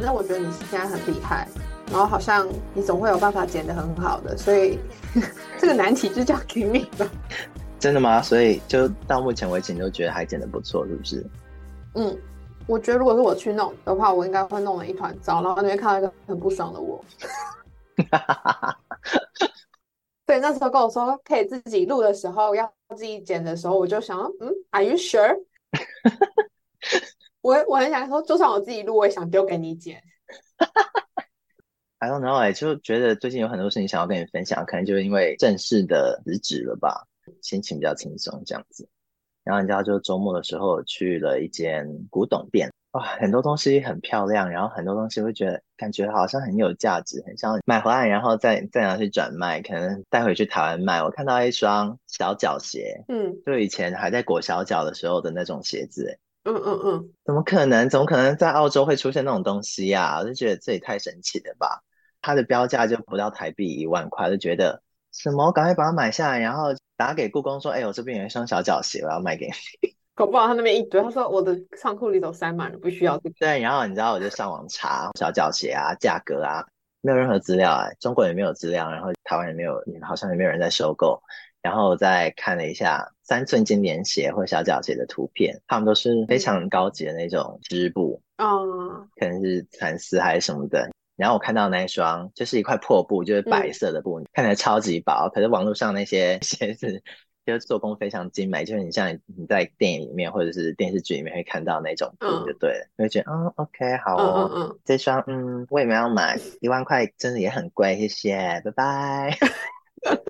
反正我覺得你現在很厲害，然後好像你總會有辦法剪得很好的，所以呵呵這個難題就交給你吧。真的嗎？所以就到目前為止，你就覺得還剪得不錯，是不是？嗯，我覺得如果是我去弄的話，我應該會弄了一團糟，然後你會看到一個很不爽的我。哈 對，那時候跟我說可以自己錄的時候，要自己剪的時候，我就想說，嗯，Are you sure？ 我我很想說，就算我自己錄，我也想丟給你剪。 I don't know，哎、欸，就覺得最近有很多事情想要跟你分享，可能就是因為正式的辭職了吧，心情比較輕鬆這樣子。然後人家就周末的時候去了一間古董店，哇，很多東西很漂亮，然後很多東西會覺得感覺好像很有價值，很想買回來，然後再再拿去轉賣，可能帶回去台灣賣。我看到一雙小腳鞋，嗯，就以前還在裹小腳的時候的那種鞋子。欸嗯嗯嗯，怎麼可能？怎麼可能在澳洲會出現那種東西呀、啊？我就覺得這也太神奇了吧！它的標價就不到台幣一萬塊，就覺得什麼趕快把它買下來，然後打給故宮說：“哎、欸，我這邊有一雙小腳鞋，我要賣給你。”搞不好他那邊一堆，他說我的倉庫裡都塞滿了，不需要。 對，然後你知道我就上網查小腳鞋啊，價格啊，沒有任何資料啊、欸，中國也沒有資料，然後台灣也沒有，好像也沒有人在收購。然後再看了一下三寸金蓮鞋或小腳鞋的圖片，他們都是非常高級的那種織布，oh. 嗯，可能是蠶絲還是什麼的。然後我看到那一雙就是一塊破布，就是白色的布，嗯、看起來超級薄，可是網絡上那些鞋子就是做工非常精美，就是你像你在電影裡面或者是電視劇裡面會看到那種，布就對了，就，oh. 覺得嗯 OK 好哦，oh, oh, oh. 這雙嗯，這雙嗯為什麼要買？一萬塊真的也很貴，謝謝，拜拜。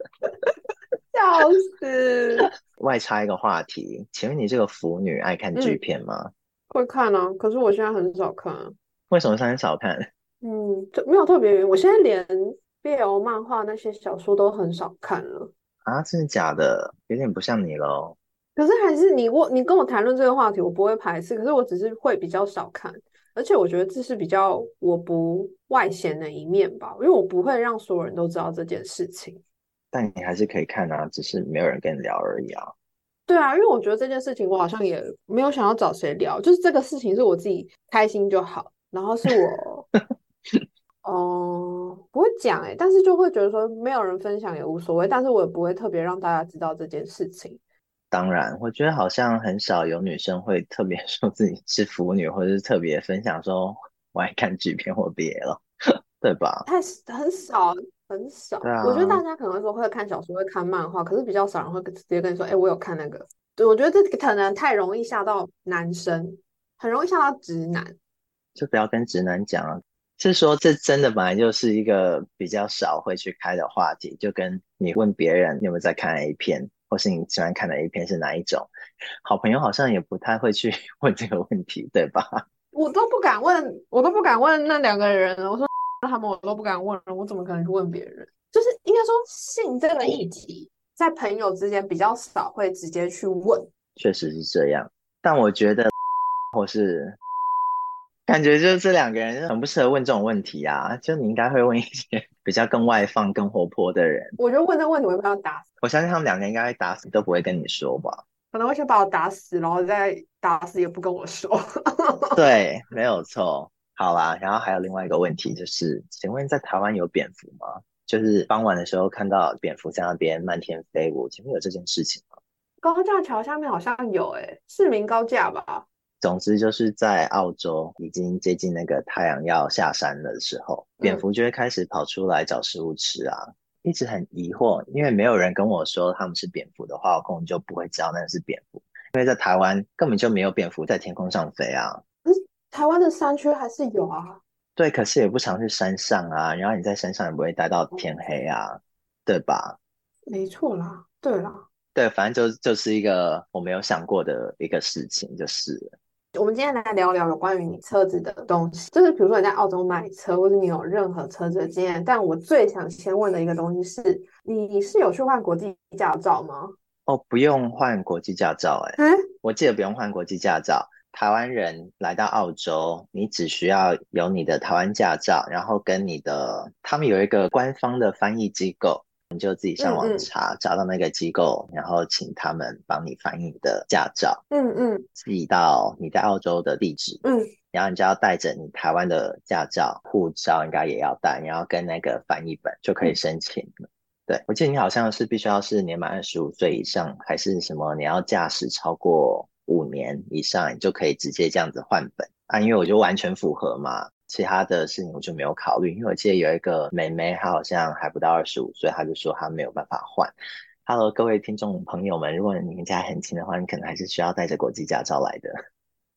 笑死！外插一個話題，請問你這個腐女愛看劇片嗎？嗯、會看哦、啊，可是我現在很少看、啊。為什麼現在很少看？嗯，就沒有特別。我現在連 BL 漫畫那些小說都很少看了啊,啊！真的假的？有點不像你嘍。可是還是你我你跟我談論這個話題，我不會排斥。可是我只是會比較少看，而且我覺得這是比較我不外顯的一面吧，因為我不會讓所有人都知道這件事情。但你還是可以看啊，只是沒有人跟你聊而已啊。對啊，因為我覺得這件事情，我好像也沒有想要找誰聊，就是這個事情是我自己開心就好。然後是我，哦、 呃，不會講哎、欸，但是就會覺得說沒有人分享也無所謂，但是我也不會特別讓大家知道這件事情。當然，我覺得好像很少有女生會特別說自己是腐女，或者是特別分享說我愛看劇片或別了， 對吧？太很少。很少，嗯，我覺得大家可能會說會看小說，會看漫畫，可是比較少人會直接跟你說：“哎、欸，我有看那個。”對，對我覺得這可能太容易嚇到男生，很容易嚇到直男，就不要跟直男講了。是說這真的本來就是一個比較少會去開的話題，就跟你問別人你有沒有在看 A 片，或是你喜歡看的 A 片是哪一種，好朋友好像也不太會去問這個問題，對吧？我都不敢問，我都不敢問那兩個人。我說。那他們我都不敢問了，我怎麼可能去問別人？就是應該說性這個議題，在朋友之間比較少會直接去問。確實是這樣，但我覺得，或是感覺就是這兩個人很不適合問這種問題啊。就你應該會問一些比較更外放、更活潑的人。我覺得問這個問題我會要打死。我相信他們兩個應該會打死都不會跟你說吧？可能會先把我打死，然後再打死也不跟我說。 對，沒有錯。好啦，然後還有另外一個問題，就是請問在台灣有蝙蝠嗎？就是傍晚的時候看到蝙蝠在那邊漫天飛舞，請問有這件事情嗎？高架橋下面好像有、欸，誒，市民高架吧。總之就是在澳洲，已經接近那個太陽要下山了的時候，蝙蝠就會開始跑出來找食物吃啊、嗯。一直很疑惑，因為沒有人跟我說他們是蝙蝠的話，我根本就不會知道那是蝙蝠，因為在台灣根本就沒有蝙蝠在天空上飛啊。台灣的山區還是有啊，對，可是也不常去山上啊。然後你在山上也不會待到天黑啊，對吧？沒錯啦，對啦，對，反正就就是一個我沒有想過的一個事情，就是我們今天來聊聊有關於你車子的東西，就是比如說你在澳洲買車，或者你有任何車子的經驗。但我最想先問的一個東西是，你，你是有去換國際駕照嗎？哦，不用換國際駕照，欸，哎，嗯，我記得不用換國際駕照。台灣人來到澳洲，你只需要有你的台灣駕照，然後跟你的他們有一個官方的翻譯機構，你就自己上網查，嗯嗯。找到那個機構，然後請他們幫你翻譯的駕照。嗯嗯。寄到你在澳洲的地址。嗯。然後你就要帶着你台灣的駕照、護、嗯、照，應該也要帶，然後跟那個翻譯本就可以申請了、嗯、對，我記得你好像是必須要是年滿二十五歲以上，還是什麼？你要駕駛超過。五年以上你就可以直接這樣子換本啊，因為我就完全符合嘛，其他的事情我就沒有考慮。因為我記得有一個妹妹，她好像還不到二十五歲，她就說她沒有辦法換。Hello，各位聽眾朋友們，如果你家很近的話，你可能還是需要帶着國際駕照來的。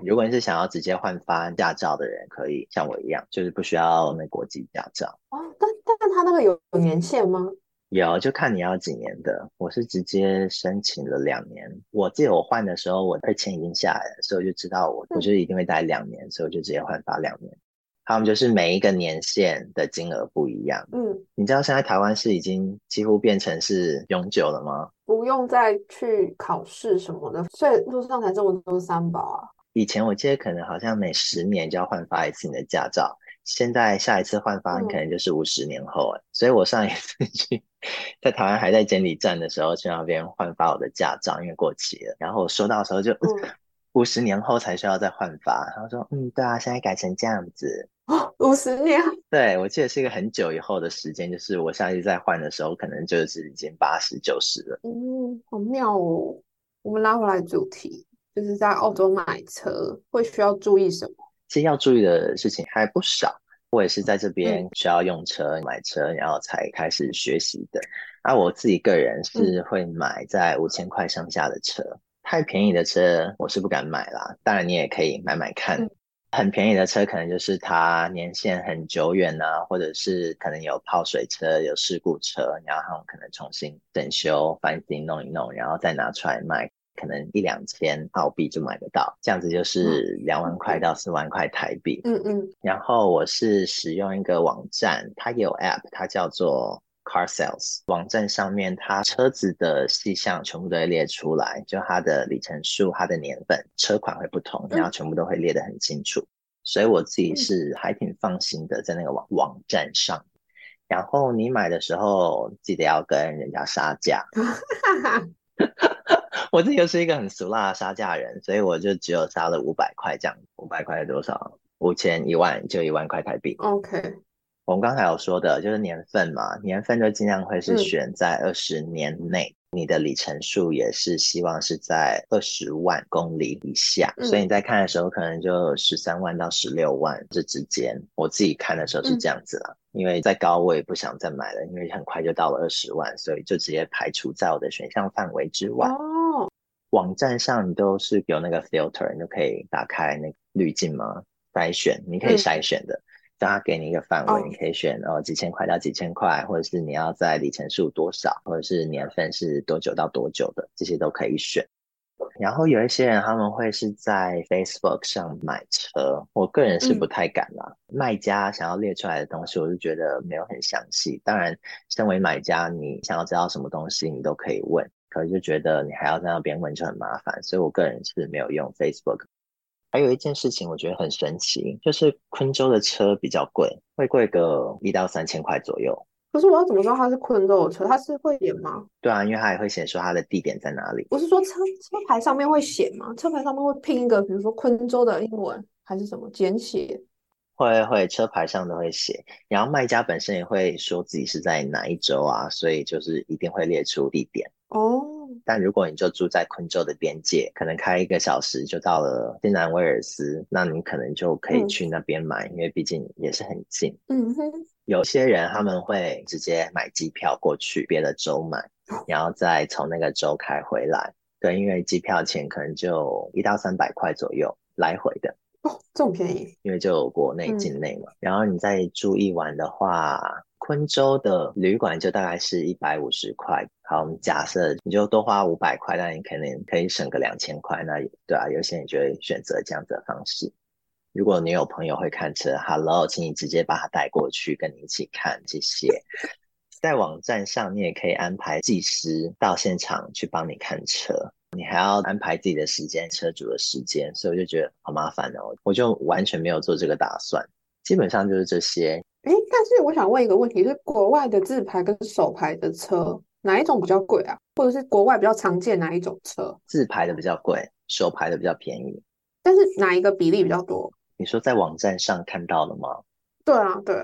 如果你是想要直接換發駕照的人，可以像我一樣，就是不需要那國際駕照啊、哦。但但她那個有年限嗎？有，就看你要幾年的。我是直接申請了兩年。我記得我換的時候，我二簽已經下來了，所以我就知道我，我就一定會待兩年，所以我就直接換發兩年。他們就是每一個年限的金額不一樣。嗯，你知道現在台灣是已經幾乎變成是永久了嗎？不用再去考試什麼的，所以路上才這麼多三寶啊。以前我記得可能好像每十年就要換發一次你的駕照，現在下一次換發你可能就是五十年後。嗯，所以我上一次去，在台灣還在監理站的時候，去那邊換發我的駕照，因為過期了。然後收到的時候就嗯，五十年後才需要再換發。然後說：“嗯，對啊，現在改成這樣子哦，五十年。”對，我記得是一個很久以後的時間，就是我下一次再換的時候，可能就是已經八十、九十了。嗯，好妙哦！我們拉回來主題，就是在澳洲買車會需要注意什麼？其實要注意的事情還不少。我也是在這邊需要用車、買車，然後才開始學習的。啊，我自己個人是會買在五千塊上下的車，太便宜的車我是不敢買啦。當然，你也可以買買看，很便宜的車可能就是它年限很久遠呢、啊，或者是可能有泡水車、有事故車，然後可能重新整修、翻新、弄一弄，然後再拿出來賣。可能一兩千澳幣就買得到，這樣子就是兩萬塊到四萬塊台幣。嗯嗯，然後我是使用一個網站，它也有 App，它叫做 Car Sales。網站上面它車子的細項全部都會列出來，就它的里程數、它的年份、車款會不同，然後全部都會列得很清楚。嗯、所以我自己是還挺放心的在那個網網站上、嗯。然後你買的時候記得要跟人家殺價。 我自己又是一個很俗辣的殺價人，所以我就只有殺了五百塊這樣。五百塊是多少？五千一萬就一萬塊台幣。OK。我們剛才有說的就是年份嘛，年份就盡量會是選在二十年內、嗯，你的里程數也是希望是在二十萬公里以下、嗯。所以你在看的時候可能就十三萬到十六萬這之，之間。我自己看的時候是這樣子了、嗯，因為再高我也不想再買了，因為很快就到了二十萬，所以就直接排除在我的選項範圍之外。哦。網站上你都是有那個 filter，你就可以打開那個濾鏡嗎？篩選，你可以篩選的，當、嗯、然給你一個範圍、哦，你可以選哦幾千塊到幾千塊，或者是你要在里程數多少，或者是年份是多久到多久的，這些都可以選。然後有一些人他們會是在 Facebook 上買車，我個人是不太敢啦。嗯、賣家想要列出來的東西，我就覺得沒有很詳細。當然，身為買家，你想要知道什麼東西，你都可以問。可能就覺得你還要在那邊問就很麻煩，所以我個人是沒有用 Facebook。還有一件事情，我覺得很神奇，就是昆州的車比較貴，會貴個一到三千塊左右。可是我要怎麼說它是昆州的車？它是，是會點嗎？對啊，因為它也會顯示它的地點在哪裡。我是說車車牌上面會寫嗎？車牌上面會拼一個，比如說昆州的英文還是什麼簡寫？會會，車牌上都會寫。然後賣家本身也會說自己是在哪一州啊，所以就是一定會列出地點。哦、oh.，但如果你就住在昆州的邊界，可能開一個小時就到了新南威爾斯，那你可能就可以去那邊買，mm -hmm. 因為畢竟也是很近。嗯哼，有些人他們會直接買機票過去別的州買，然後再從那個州開回來。對、oh.，因為機票錢可能就一到三百塊左右來回的。哦，這麼便宜，因為就國內境內嘛。Mm -hmm. 然後你再住一晚的話。昆州的旅館就大概是一百五十塊。好，我們假設你就多花五百塊，那你可能可以省個兩千塊。那也對啊，有些人就會選擇這樣的方式。如果你有朋友會看車，哈嘍，請你直接把他帶過去，跟你一起看這些。在網站上，你也可以安排技師到現場去幫你看車。你還要安排自己的時間，車主的時間，所以我就覺得好麻煩哦。我就完全沒有做這個打算。基本上就是這些。哎，但是我想問一個問題是，國外的自排跟手排的車哪一種比較貴啊？或者是國外比較常見哪一種車？自排的比較貴，手排的比較便宜。但是哪一個比例比較多？你說在網站上看到了嗎？對啊，對，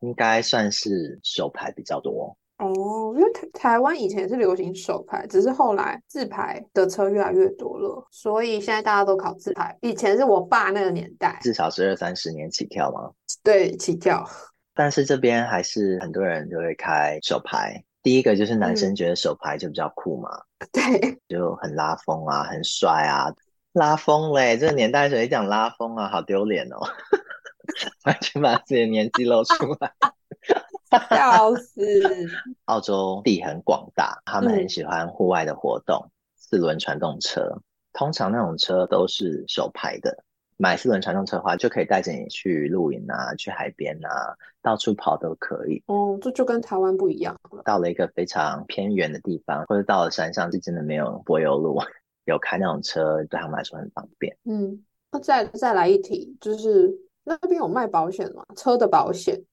應該算是手排比較多哦。因為台台灣以前是流行手排，只是後來自排的車越來越多了，所以現在大家都考自排。以前是我爸那個年代，至少是二三十年起跳嗎？對，起跳。但是這邊還是很多人就會開手排，第一個就是男生覺得手排就比較酷嘛，嗯，對，就很拉風啊，很帥啊，拉風嘞！這個年代誰講拉風啊？好丟臉哦， 完全把自己的年紀露出來，笑死！ 澳洲地很廣大，他們很喜歡戶外的活動，嗯，四輪傳動車，通常那種車都是手排的。買四輪傳動車的話，就可以帶着你去露營啊，去海邊啊，到處跑都可以。哦，這就跟台灣不一樣了。到了一個非常偏遠的地方，或者到了山上，就真的沒有柏油路，有開那種車對他們來說很方便。嗯，那再再來一題，就是那邊有賣保險嗎？車的保險。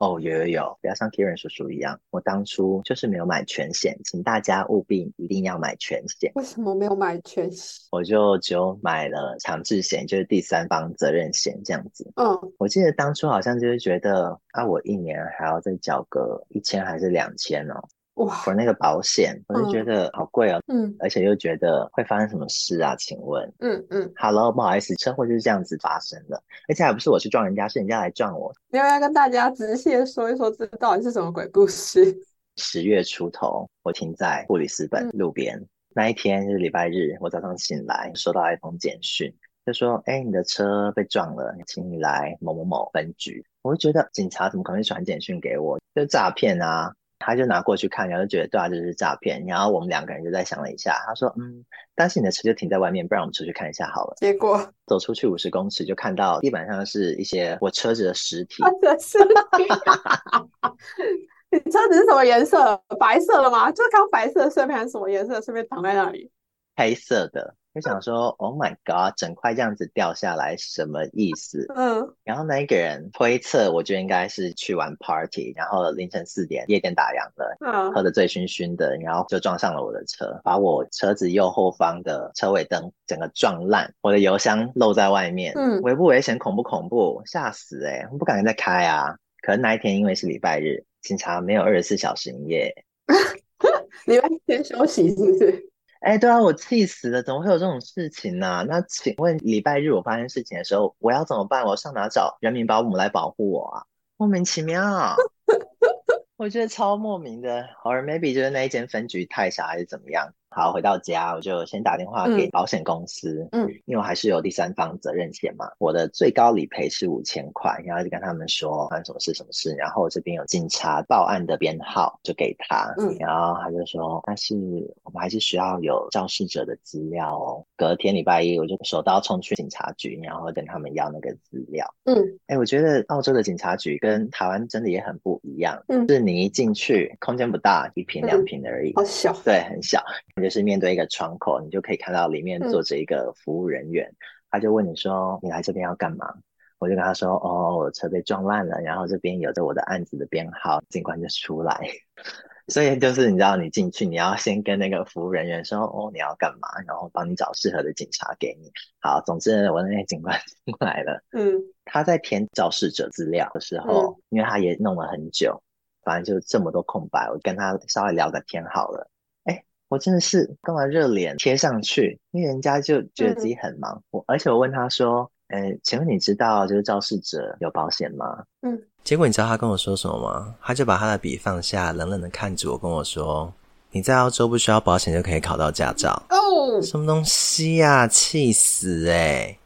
哦、oh,，有有有，不要像 Keiran 叔叔一樣，我當初就是沒有買全險，請大家務必一定要買全險。為什麼沒有買全險？我就只有買了強制險，就是第三方責任險這樣子。嗯、oh.，我記得當初好像就是覺得啊，我一年還要再交個一千還是兩千哦。哇，我那個保險，我就覺得好貴哦、喔，嗯，而且又覺得會發生什麼事啊？請問，嗯嗯哈嘍不好意思，車禍就是這樣子發生的，而且還不是我去撞人家，是人家來撞我。你要不要跟大家仔細說一說，這到底是什麼鬼故事？十月出頭，我停在布里斯本路邊、嗯，那一天、就是禮拜日，我早上醒來收到一封簡訊，就說：“哎、欸，你的車被撞了，請你來某某某分局。”我就覺得警察怎麼可能會傳簡訊給我？就詐騙啊！他就拿過去看，然後就覺得對啊，這是詐騙。然後我們兩個人就在想了一下，他說：“嗯，但是你的車就停在外面，不然我們出去看一下好了。”結果走出去五十公尺，就看到地板上是一些我車子的屍體。 你車子是什麼顏色？白色的嗎？就是剛白色的碎片，還是什麼顏色的碎片躺在那裡？黑色的。想說，Oh my God，整塊這樣子掉下來什麼意思？嗯、uh,，然後那一個人推測，我就應該是去玩 party，然後凌晨四點夜店打烊了，uh. 喝得醉醺醺的，然後就撞上了我的車，把我車子右後方的車尾燈整個撞爛，我的油箱漏在外面，嗯，危不危險？恐不恐怖？嚇死哎、欸！我不敢再開啊。可能那一天因為是禮拜日，警察沒有二十四小時營業，禮 拜天休息是不是？哎、欸，對啊，我氣死了！怎麼會有這種事情呢？那請問禮拜日我發生事情的時候，我要怎麼辦？我上哪找人民保姆來保護我啊？莫名其妙， 我覺得超莫名的，好像 maybe 就是那一間分局太小，還是怎麼樣？好，回到家我就先打電話給保險公司嗯，嗯，因為我還是有第三方責任險嘛、嗯，我的最高理賠是五千塊，然後就跟他們說發生什麼事什麼事，然後我這邊有警察報案的編號就給他，嗯，然後他就說，但是我們還是需要有肇事者的資料哦。隔天禮拜一我就手刀衝去警察局，然後跟他們要那個資料，嗯，哎、欸，我覺得澳洲的警察局跟台灣真的也很不一樣，嗯，就是你一進去空間不大，一坪兩坪的而已、嗯，好小，對，很小。就是面對一個窗口，你就可以看到裡面坐着一個服務人員、嗯，他就問你說：“你來這邊要幹嘛？”我就跟他說：“哦，我車被撞爛了。”然後這邊有着我的案子的編號，警官就出來。 所以就是你知道，你進去你要先跟那個服務人員說：“哦，你要幹嘛？”然後幫你找適合的警察給你。好，總之我那警官進來了。嗯，他在填肇事者資料的時候、嗯，因為他也弄了很久，反正就這麼多空白，我跟他稍微聊個天好了。我真的是幹嘛熱臉貼上去？因為人家就覺得自己很忙。嗯、我而且我問他說：“呃、欸，請問你知道就是肇事者有保險嗎？”嗯。結果你知道他跟我說什麼嗎？他就把他的筆放下，冷冷的看着我，跟我說：“你在澳洲不需要保險就可以考到駕照。”哦，什麼東西呀、啊！氣死哎、欸！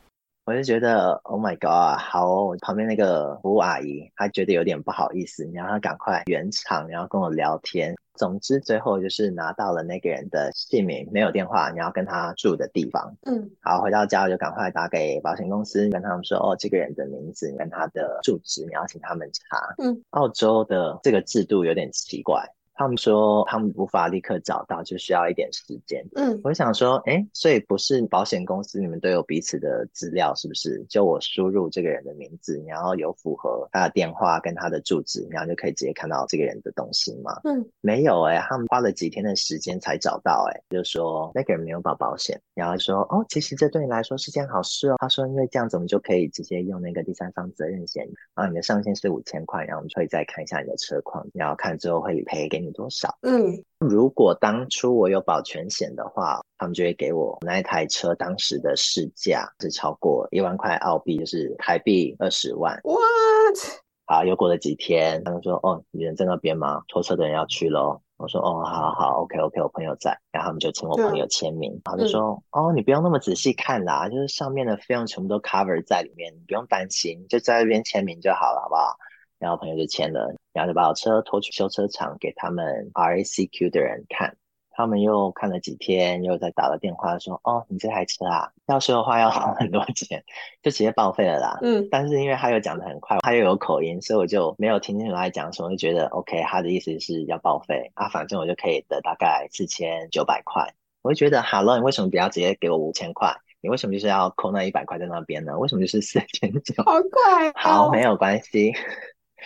我就覺得，Oh my God，好，哦，旁邊那個服務阿姨，她覺得有點不好意思，你讓她趕快圓場，然後跟我聊天。總之，最後就是拿到了那個人的姓名，沒有電話，你要跟他住的地方。嗯，好，回到家我就趕快打給保險公司，跟他們說，哦，這個人的名字，你跟他的住址，你要請他們查。嗯，澳洲的這個制度有點奇怪。他們說他們無法立刻找到，就需要一點時間。嗯，我想說，哎、欸，所以不是保險公司，你們都有彼此的資料，是不是？就我輸入這個人的名字，然後有符合他的電話跟他的住址，然後就可以直接看到這個人的東西嗎？嗯，沒有哎、欸，他們花了幾天的時間才找到哎、欸，就說那個人沒有保保險，然後說哦，其實這對你來說是件好事哦、喔。他說因為這樣子，我們就可以直接用那個第三方責任險，然後你的上限是五千塊，然後我們就可以再看一下你的車況，然後看之後會賠給你。有多少？嗯，如果當初我有保全險的話，他們就會給我那一台車當時的市價是超過一萬塊澳幣，就是台幣二十萬。What？好，又過了幾天，他們說：“哦，你人在那邊嗎？拖車的人要去嘍。”我說：“哦，好好好，OK OK，我朋友在。”然後他們就請我朋友簽名，然後就說：“哦，你不用那麼仔細看啦，就是上面的費用全部都 cover 在裡面，你不用擔心，就在那邊簽名就好了，好不好？”然後朋友就簽了，然後就把我車拖去修車廠給他們 RACQ 的人看，他們又看了幾天，又再打了電話說：“哦，你這台車啊，要修的話要花很多錢，就直接報廢了啦。”嗯，但是因為他又講得很快，他又有口音，所以我就沒有聽清楚他在講什麼，所以我就覺得 OK，他的意思是要報廢啊，反正我就可以得大概四千九百塊。我就覺得：“哈嘍，你為什麼不要直接給我五千塊？你為什麼就是要扣那一百塊在那邊呢？為什麼就是四千九？”好快啊，好，沒有關係。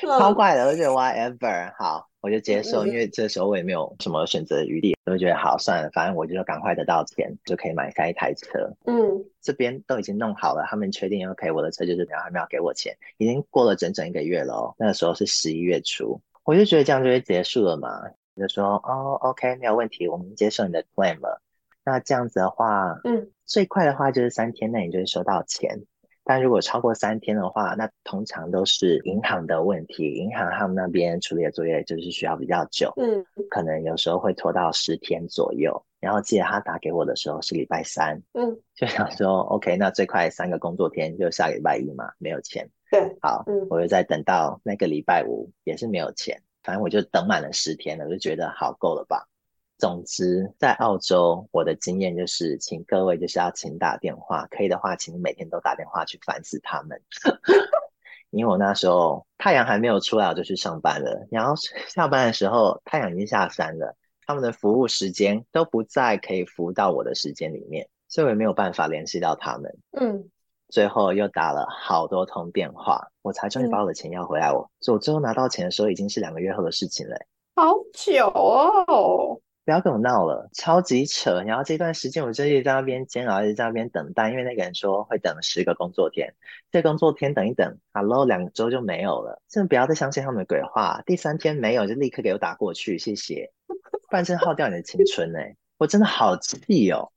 超怪的，我就覺得 whatever，好，我就接受，mm -hmm. 因為這時候我也沒有什麼選擇餘地，我就覺得好算了，反正我就趕快得到錢就可以買下一台車。嗯、mm -hmm.，這邊都已經弄好了，他們確定 OK，我的車就是，然後還沒有給我錢，已經過了整整一個月了。哦，那個時候是十一月初，我就覺得這樣就會結束了嘛，就說哦 OK，沒有問題，我們接受你的 claim 了。那這樣子的話，嗯、mm -hmm.，最快的話就是三天內你就會收到錢。但如果超過三天的話，那通常都是銀行的問題。銀行他們那邊處理的作業就是需要比較久，嗯，可能有時候會拖到十天左右。然後記得他打給我的時候是禮拜三，嗯，就想說 OK，那最快三個工作天就下禮拜一嘛，沒有錢。對，好，嗯，我就再等到那個禮拜五，也是沒有錢。反正我就等滿了十天了，我就覺得好夠了吧。總之，在澳洲，我的經驗就是，請各位就是要勤打電話，可以的話，請你每天都打電話去煩死他們。 因為我那時候太陽還沒有出來，我就去上班了。然後下班的時候，太陽已經下山了，他們的服務時間都不再可以服務到我的時間裡面，所以我也沒有辦法聯繫到他們。嗯，最後又打了好多通電話，我才終於把我的錢要回來我、嗯，所以我最後拿到錢的時候，已經是兩個月後的事情了、欸。好久哦。不要跟我鬧了，超級扯！然後這段時間我就一直在那邊煎熬，一直在那邊等待，因為那個人說會等十個工作天。這個、工作天等一等，哈囉，兩周就沒有了。真的不要再相信他們的鬼話！第三天沒有就立刻給我打過去，謝謝，不然真耗掉你的青春、欸、 我真的好氣哦！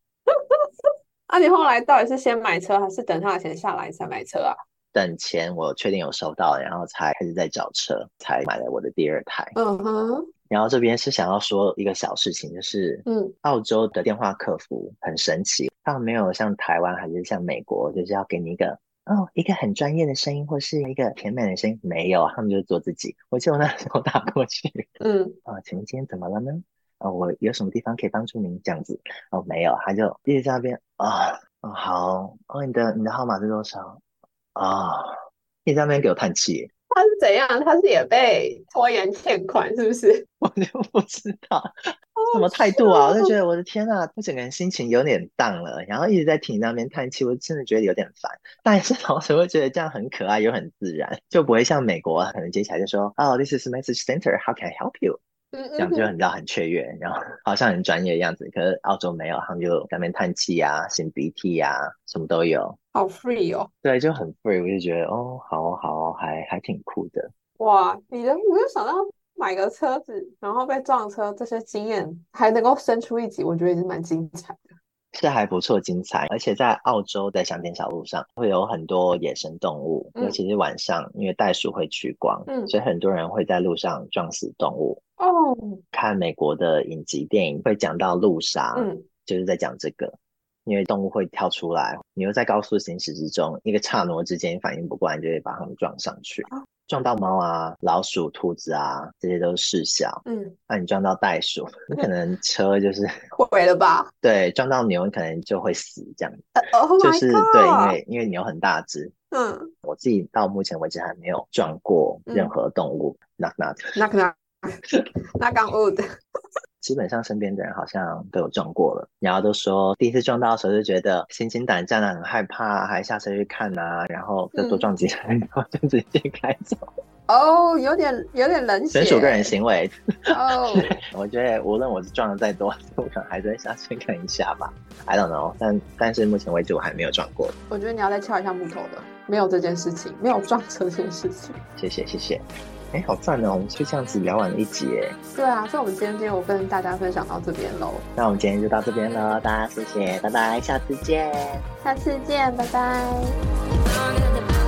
那 、啊、你後來到底是先買車，還是等他的錢下來才買車啊？等錢，我確定有收到，然後才開始在找車，才買了我的第二台。嗯哼。然後這邊是想要說一個小事情，就是，嗯，澳洲的電話客服很神奇，他們沒有像台灣還是像美國，就是要給你一個哦一個很專業的聲音，或是一個甜美的聲音，沒有，他們就做自己。我記得我那時候打過去，嗯、哦，啊，請問今天怎麼了呢？啊、哦，我有什麼地方可以幫助您？這樣子，哦，沒有，他就一直在那邊啊，哦，哦好，哦你的你的號碼是多少？啊、哦，一直在那邊給我嘆氣。他是怎樣？他是也被拖延欠款，是不是？ 我就不知道什麼態度啊！我 就覺得我的天吶、啊，他整個人心情有點淡了，然後一直在聽那邊嘆氣，我真的覺得有點煩。但是同時，會覺得這樣很可愛，又很自然，就不會像美國、啊、可能接下來就說：“ o h t h i s is message center，how can I help you？” 講、嗯嗯嗯、就很 loud 很雀躍，然後好像很專業的樣子。可是澳洲沒有，他們就在那邊嘆氣呀、擤鼻涕呀，什麼都有。好 free 哦！對，就很 free。我就覺得哦，好哦好哦，還還挺酷的。哇！你的我又想到買個車子，然後被撞車這些經驗，還能夠生出一集，我覺得也是蠻精彩的。是還不錯，精彩。而且在澳洲的鄉間小路上會有很多野生動物，嗯、尤其是晚上，因為袋鼠會趨光、嗯，所以很多人會在路上撞死動物。哦、oh，看美國的影集電影會講到路殺，嗯，就是在講這個，因為動物會跳出來，你又在高速行駛之中，一個剎那之間反應不過來，就會把它們撞上去，oh, 撞到貓啊、老鼠、兔子啊，這些都是事小，嗯，那、啊、你撞到袋鼠，可能車就是毀了吧？嗯、 對，撞到牛，你可能就會死這樣子，oh、God, 就是對，因為因為牛很大只，嗯，我自己到目前為止還沒有撞過任何動物 knock knock knock knock 那鋼木的，基本上身邊的人好像都有撞過了，然後都說第一次撞到的時候就覺得心驚膽戰的，很害怕，還下車去看啊，然後再多撞幾下，嗯，然後就直接開走。哦，有點有點冷血，純屬個人行為。哦， 我覺得無論我撞的再多，我可能還是下車看一下吧。I don't know，但但是目前為止我還沒有撞過。我覺得你要再敲一下木頭的，沒有這件事情，沒有撞車這件事情。謝 謝謝謝。謝謝哎、欸，好讚哦、喔。我們就這樣子聊完了一集。對啊，所以我們今天就有跟大家分享到這邊嘍。那我們今天就到這邊了，大家謝謝，拜拜，下次見。下次見，拜拜。